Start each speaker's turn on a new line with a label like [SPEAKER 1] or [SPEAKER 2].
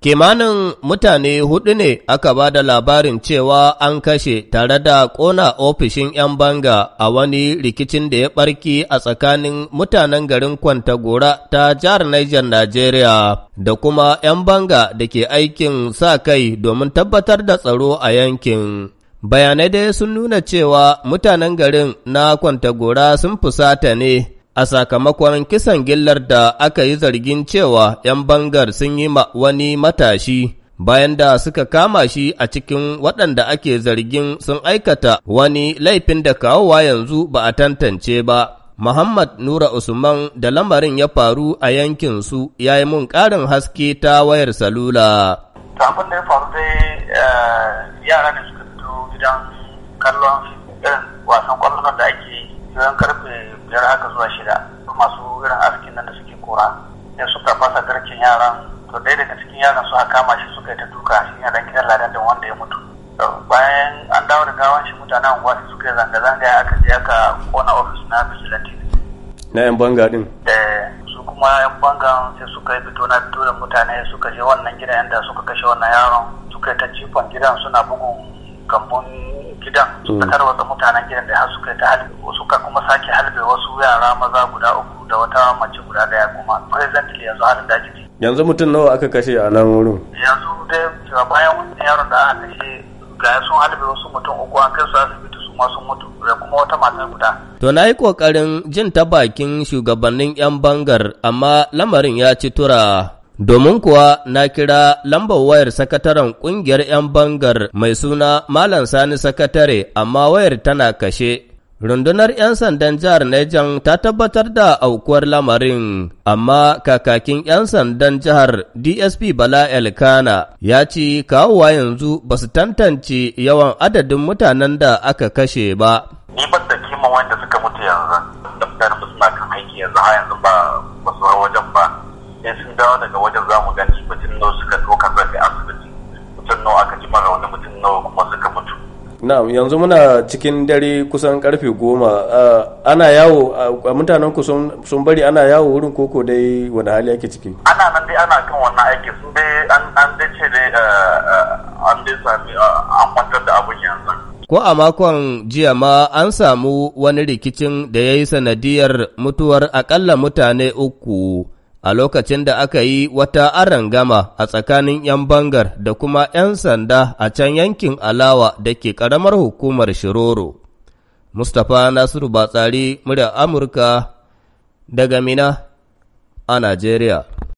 [SPEAKER 1] Kimanin mutane hudu ne aka ba da labarin cewa an kashe tare da ƙona ofishin 'yan banga a wani rikicin da ya ɓarki a tsakanin mutanen garin Kwantagora ta jihar Niger Najeriya da kuma 'yan banga da ke aikin sa kai domin tabbatar da tsaro a yankin. Bayanai dai sun nuna cewa mutanen garin na Kwantagora sun fusata ne. a sakamakon kisan gillar da aka yi zargin cewa 'yan bangar sun yi ma wani matashi bayan da suka kama shi a cikin waɗanda ake zargin sun aikata wani laifin da kawowa yanzu ba a tantance ba. Muhammad Nura Usman da lamarin ya faru a yankinsu ya yi mun ƙarin haske ta wayar salula.
[SPEAKER 2] Abin da ya faru dai eh, yara da suka fito gidan kallon wasan ƙwallon da ake yi, karfe biyar aka zuwa shida masu irin askin nan da suke kora sai suka fasa garkin yaran to ɗaya daga cikin yaran suka kama shi suka yi ta duka shi ne dan gidan ladan da wanda ya mutu bayan an dawo da gawan shi mutanen unguwa su suka yi zanga-zanga aka je aka kona ofis na vigilante na yan banga din eh, su kuma yan bangan sai suka yi fito na fito da mutane suka je wannan gidan yadda suka kashe wannan yaron suka yi ta cikon gidan suna bugun gambon gidan suka mm. tarwatsa mutanen gidan da har suka yi ta hali suka kuma sake hali yara maza guda uku da wata mace guda daya kuma presently yanzu halin da ake
[SPEAKER 1] yanzu mutum nawa aka kashe a nan wurin
[SPEAKER 2] yanzu dai bayan wani yaron da aka kashe ga sun halbe wasu mutum uku an kai su asibiti su ma sun mutu
[SPEAKER 1] da kuma wata mata guda to na yi kokarin jin ta bakin shugabannin yan bangar amma lamarin ya ci tura domin kuwa na kira lambar wayar sakataren kungiyar 'yan bangar mai suna Malam Sani Sakatare amma wayar tana kashe Rundunar 'yan sandan jihar Nejan ta tabbatar da aukuwar lamarin, amma kakakin 'yan sandan jihar DSP Bala Elkana ya ce kawowa yanzu ba su tantance yawan adadin mutanen da aka kashe ba. Ni ba da kima wanda suka mutu
[SPEAKER 2] yanzu, daftar suna kan aiki yanzu har yanzu ba ba su wajen ba. In sun dawo daga wajen za mu gani mutum
[SPEAKER 1] nawa suka ɗauka zafi asibiti, mutum nawa aka ji mara wani mutum nawa kuma su na'am yanzu muna cikin dare kusan karfe goma ah, ana yawo a ah, mutanen ku sun bari ana yawo wurin koko dai wani hali ake ciki ana nan dai ana kan
[SPEAKER 2] wannan aiki sun dai an dai ce dai ah, an dai sami an kwantar da abin
[SPEAKER 1] yanzu ko a makon jiya ma an samu wani rikicin da ya yi sanadiyar mutuwar akalla mutane uku a lokacin da aka yi wata gama a tsakanin 'yan bangar da kuma 'yan sanda a can yankin Alawa da ke ƙaramar hukumar Shiroro. Mustapha Nasiru Batsari, murya Amurka daga Mina a Najeriya.